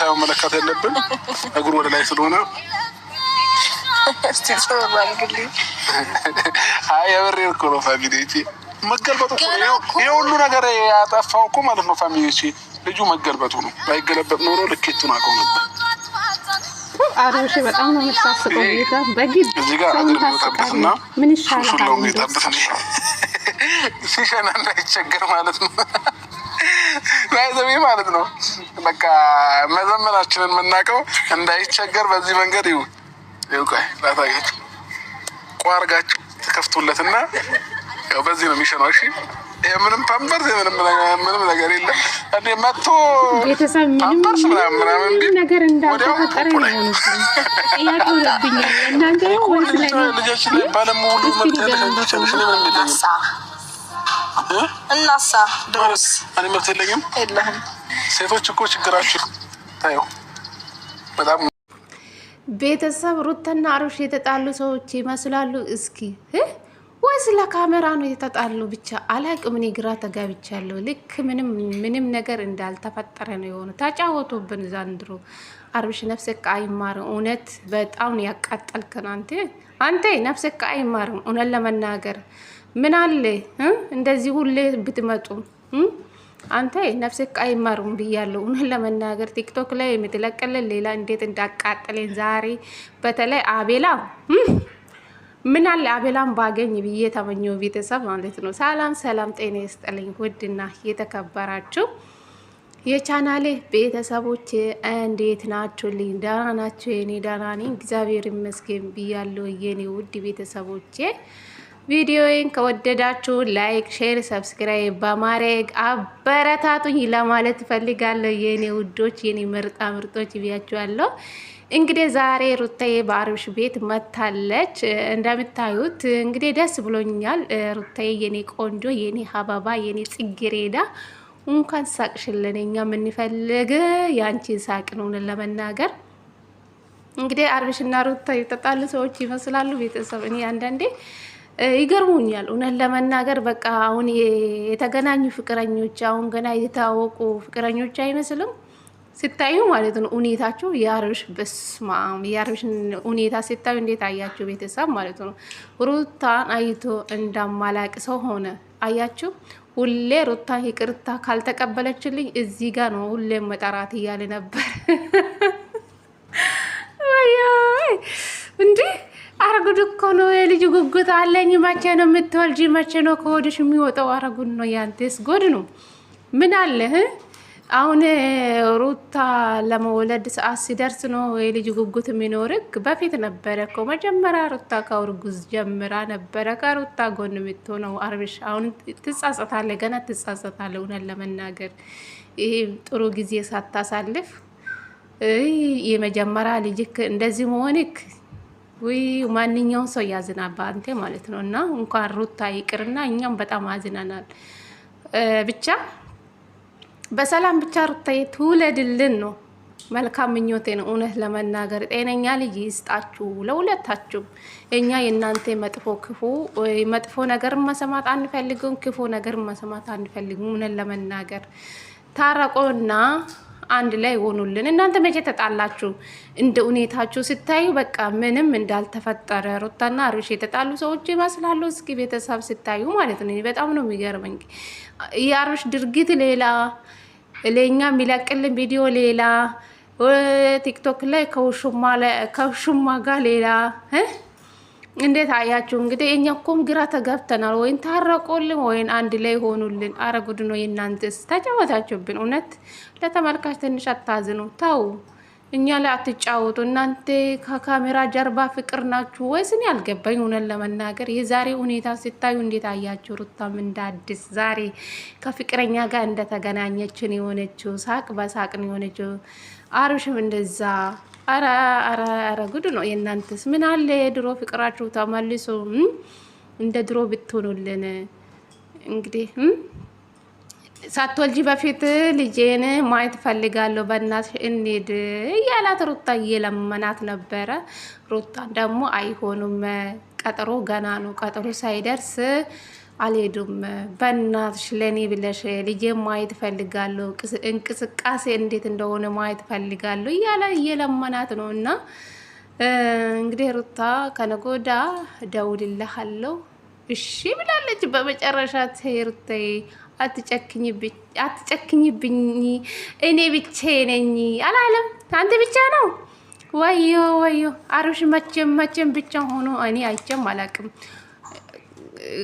ሳይሆን መለካት ያለብን እግሩ ወደ ላይ ስለሆነ የብሬ እኮ ነው ፋሚሊዎቼ። መገልበጡ ይህ ሁሉ ነገር ያጠፋው እኮ ማለት ነው ፋሚሊዎቼ፣ ልጁ መገልበጡ ነው። ባይገለበጥ ኖሮ ልኬቱን አቀው ነበር። አረብሽ በጣም ነው የምታስበው። ጌታ በግድ ሲሸና እንዳይቸገር ማለት ነው። ለዘቤ ማለት ነው። በቃ መዘመናችንን የምናውቀው እንዳይቸገር በዚህ መንገድ ይሁ ይውቃይ ላታያችሁ ቋርጋችሁ ተከፍቶለትና ያው በዚህ ነው የሚሸነው። እሺ ምንም ፓምፐርስ ምንም ነገር የለም። እኔ መጥቶ ቤተሰብ ምንም ምንም ነገር እንዳልተፈጠረ ያቀውለብኛል እናንተ ልጆች ባለሙሉ መ ምንም የለም እናሳ ደስ እኔ መብት የለኝም የለህም። ሴቶች እኮ ችግራችሁ ታየው በጣም ቤተሰብ ሩተና አብርሽ የተጣሉ ሰዎች ይመስላሉ። እስኪ ወይስ ለካሜራ ነው የተጣሉ? ብቻ አላቅም። እኔ ግራ ተጋብቻለሁ። ልክ ምንም ምንም ነገር እንዳልተፈጠረ ነው የሆኑ። ተጫወቱብን ዘንድሮ አርብሽ ነፍስክ አይማርም። እውነት በጣም ያቃጠልከን አንተ አንተ ነፍስክ አይማርም። እውነት ለመናገር ምን አለ እንደዚህ ሁሌ ብትመጡ አንተ ነፍስክ አይማርም ብያለሁ። እውነት ለመናገር ቲክቶክ ላይ የምትለቀልን ሌላ እንዴት እንዳቃጠለን ዛሬ በተለይ አቤላ ምን አለ አቤላን ባገኝ ብዬ ተመኘው ቤተሰብ ማለት ነው። ሰላም ሰላም፣ ጤና ይስጥልኝ ውድና የተከበራችሁ የቻናሌ ቤተሰቦች እንዴት ናችሁልኝ? ደህና ናቸው። የኔ ደህና ነኝ እግዚአብሔር ይመስገን ብያለሁ። የኔ ውድ ቤተሰቦቼ ቪዲዮዬን ከወደዳችሁ ላይክ፣ ሼር፣ ሰብስክራይብ በማድረግ አበረታቱኝ ለማለት እፈልጋለሁ። የኔ ውዶች፣ የኔ ምርጣ ምርጦች ብያችኋለሁ። እንግዲህ ዛሬ ሩታዬ በአብርሽ ቤት መታለች። እንደምታዩት እንግዲህ ደስ ብሎኛል። ሩታዬ የኔ ቆንጆ፣ የኔ ሀባባ የኔ ጽጌሬዳ እንኳን ሳቅሽልን እኛ የምንፈልግ የአንቺን ሳቅ ነው ለመናገር። እንግዲህ አብርሽና ሩታ የተጣሉ ሰዎች ይመስላሉ። ቤተሰብ እኔ አንዳንዴ ይገርሙኛል እውነት ለመናገር በቃ አሁን የተገናኙ ፍቅረኞች አሁን ገና የታወቁ ፍቅረኞች አይመስልም ስታዩ ማለት ነው ሁኔታቸው የአብርሽ በስመ የአብርሽ ሁኔታ ስታዩ እንዴት አያቸው ቤተሰብ ማለት ነው ሩታን አይቶ እንዳማላቅ ሰው ሆነ አያችሁ ሁሌ ሩታ ይቅርታ ካልተቀበለችልኝ እዚህ ጋር ነው ሁሌም መጠራት እያለ ነበር። እንዲህ አረጉድ እኮ ነው የልጅ ጉጉት አለኝ። መቼ ነው የምትወልጂ? መቼ ነው ከወደሽ የሚወጣው? አረጉድ ነው ያንቴስ ጎድ ነው ምን አለህ? አሁን ሩታ ለመውለድ ሰዓት ሲደርስ ነው የልጅ ጉጉት የሚኖርክ። በፊት ነበረ እኮ መጀመሪያ ሩታ ከውርጉዝ ጀምራ ነበረ ከሩታ ጎን የምትሆነው አብርሽ። አሁን ትጻጸታለ፣ ገና ትጻጸታለ። እውነት ለመናገር ይህ ጥሩ ጊዜ ሳታሳልፍ የመጀመሪያ ልጅክ እንደዚህ መሆንክ ውይ ማንኛውም ሰው ያዝናባ አንተ ማለት ነው። እና እንኳን ሩታ ይቅርና እኛም በጣም አዝናናል ብቻ በሰላም ብቻ ሩታዬ ትውለድልን ነው መልካም ምኞቴ ነው። እውነት ለመናገር ጤነኛ ልጅ ይስጣችሁ ለሁለታችሁም። እኛ የእናንተ መጥፎ ክፉ መጥፎ ነገር መሰማት አንፈልግም፣ ክፉ ነገር መሰማት አንፈልግም። እውነት ለመናገር ታረቆና አንድ ላይ ሆኑልን። እናንተ መቼ ተጣላችሁ? እንደ ሁኔታችሁ ስታዩ በቃ ምንም እንዳልተፈጠረ ሩታና አብርሽ የተጣሉ ሰዎች ይመስላሉ። እስኪ ቤተሰብ ስታዩ ማለት ነው። በጣም ነው የሚገርመኝ። የአብርሽ ድርጊት ሌላ፣ ለእኛ የሚለቅልን ቪዲዮ ሌላ፣ ቲክቶክ ላይ ከውሽማ ጋር ሌላ እንዴት አያችሁ እንግዲህ እኛ እኮም ግራ ተገብተናል ወይን ታረቆልን ወይን አንድ ላይ ሆኑልን። አረ ጉድ ነው ተጫወታችሁብን። እውነት ለተመልካች ትንሽ አታዝኑ፣ ተው እኛ ላይ አትጫወቱ። እናንተ ከካሜራ ጀርባ ፍቅር ናችሁ ወይስ? እኔ አልገባኝ። እውነት ለመናገር የዛሬ ሁኔታ ሲታዩ እንዴት አያችሁ? ሩታም እንደ አዲስ ዛሬ ከፍቅረኛ ጋር እንደተገናኘችን የሆነችው ሳቅ በሳቅን የሆነችው። አብርሽም እንደዛ አረ አረ አረ ጉድ ነው የእናንተስ። ምን አለ የድሮ ፍቅራችሁ ተመልሶ እንደ ድሮ ብትሆኑልን። እንግዲህ ሳትወልጂ በፊት ልጄን ማየት ፈልጋለሁ፣ በእናትሽ እንሂድ እያላት ሩታ እየለመናት ነበረ። ሩታ ደግሞ አይሆኑም፣ ቀጠሮ ገና ነው፣ ቀጠሮ ሳይደርስ አልሄዱም። በእናትሽ ለእኔ ብለሽ ልጄ ማየት ፈልጋለሁ፣ እንቅስቃሴ እንዴት እንደሆነ ማየት ፈልጋለሁ እያለ እየለመናት ነው። እና እንግዲህ ሩታ ከነጎዳ ደውልልሃለሁ እሺ ብላለች። በመጨረሻ ሩታዬ አትጨክኝብኝ፣ እኔ ብቻዬ ነኝ አላለም። አንተ ብቻ ነው ወዮ ወዮ። አብርሽ መቼም መቼም ብቻ ሆኖ እኔ አይቼም አላቅም።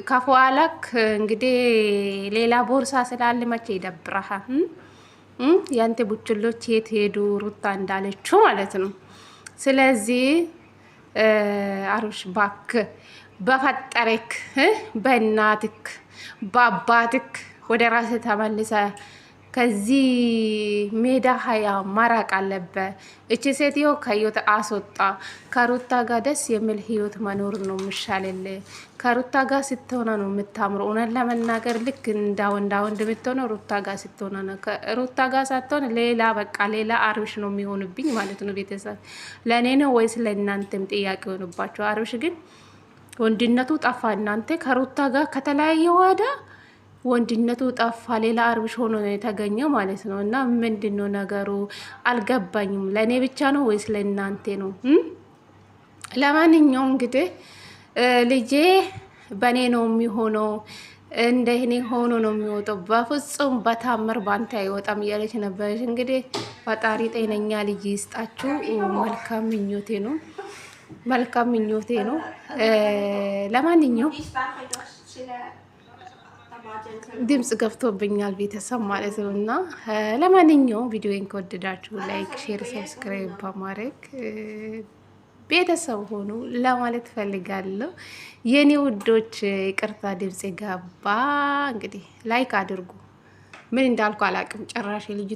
ከኋላክ እንግዲህ ሌላ ቦርሳ ስላለ መቼ ይደብረሃል? ያንተ ቡችሎች የት ሄዱ? ሩታ እንዳለችው ማለት ነው። ስለዚህ አሩሽ ባክ በፈጠረክ በእናትክ በአባትክ ወደ ራስህ ተመልሰ ከዚህ ሜዳ ሀያ ማራቅ አለበ። እቺ ሴትዮ ከህይወት አስወጣ። ከሩታ ጋር ደስ የሚል ህይወት መኖር ነው ምሻልል። ከሩታ ጋር ስትሆነ ነው የምታምሩ። እውነት ለመናገር ልክ እንዳው እንዳው እንደምትሆነ ሩታ ጋር ስትሆነ ነው። ሩታ ጋር ሳትሆን ሌላ በቃ ሌላ አርብሽ ነው የሚሆንብኝ ማለት ነው። ቤተሰብ ለእኔ ነው ወይስ ለእናንተም ጥያቄ ሆንባቸው። አርብሽ ግን ወንድነቱ ጠፋ። እናንተ ከሩታ ጋር ከተለያየ ዋዳ ወንድነቱ ጠፋ። ሌላ አብርሽ ሆኖ ነው የተገኘው ማለት ነው። እና ምንድን ነው ነገሩ? አልገባኝም። ለእኔ ብቻ ነው ወይስ ለእናንተ ነው? ለማንኛውም እንግዲህ ልጄ በእኔ ነው የሚሆነው እንደ እኔ ሆኖ ነው የሚወጣው። በፍጹም በታምር ባንተ አይወጣም እያለች ነበረች። እንግዲህ ፈጣሪ ጤነኛ ልጅ ይስጣችሁ። መልካም ምኞቴ ነው፣ መልካም ምኞቴ ነው። ለማንኛውም ድምፅ ገብቶብኛል ቤተሰብ ማለት ነው። እና ለማንኛውም ቪዲዮን ከወደዳችሁ ላይክ፣ ሼር፣ ሰብስክራይብ በማድረግ ቤተሰብ ሆኑ ለማለት ፈልጋለሁ። የእኔ ውዶች ይቅርታ ድምፅ ገባ። እንግዲህ ላይክ አድርጉ። ምን እንዳልኩ አላውቅም ጭራሽ ልጅ